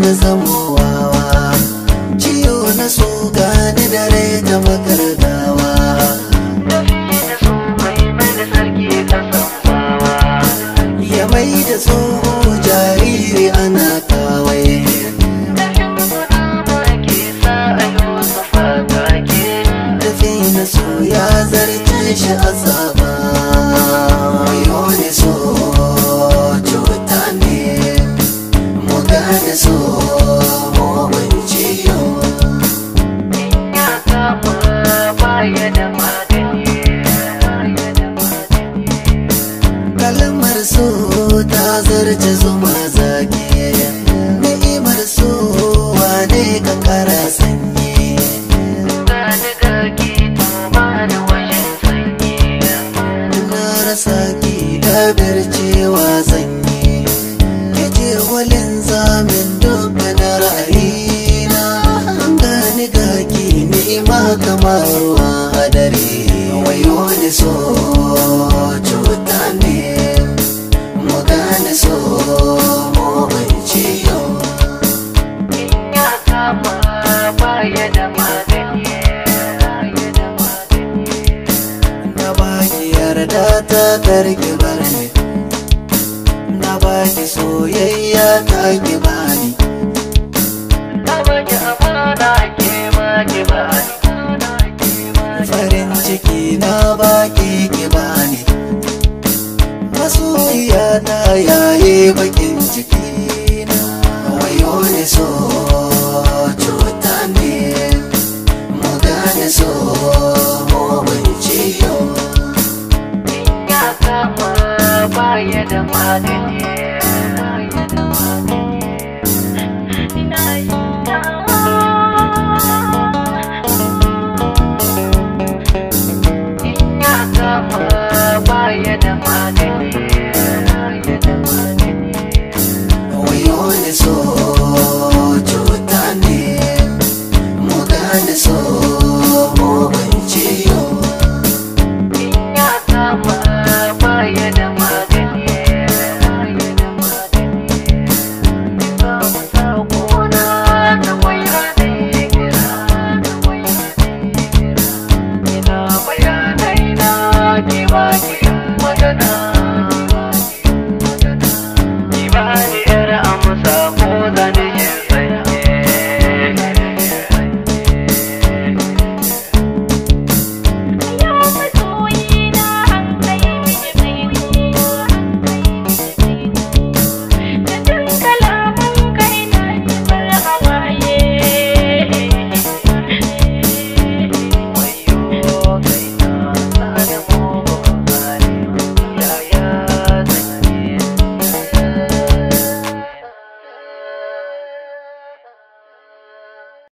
na zamo wawa ciwo na so gane dare ta makardawa ya mai da tsoho jariri ana kawai tafi na so ya zarce shi a tsaba yone so mu gane so ci zuma zage ni'imar so wane ka kara sanye gani garki ba da wajen sanye na rasa ki dabir cewa sanye ke ce walin zamin dukkan ra'ayina ni gaki ni'ima kamar ruwa hadari wayo da so da ta karki bar ne na baki soyayya ta ki bani na baki amana ke ma ki bani farin ciki na baki ki bani masoyiya na yaye bakin ciki na wayo ne so cuta ne mu so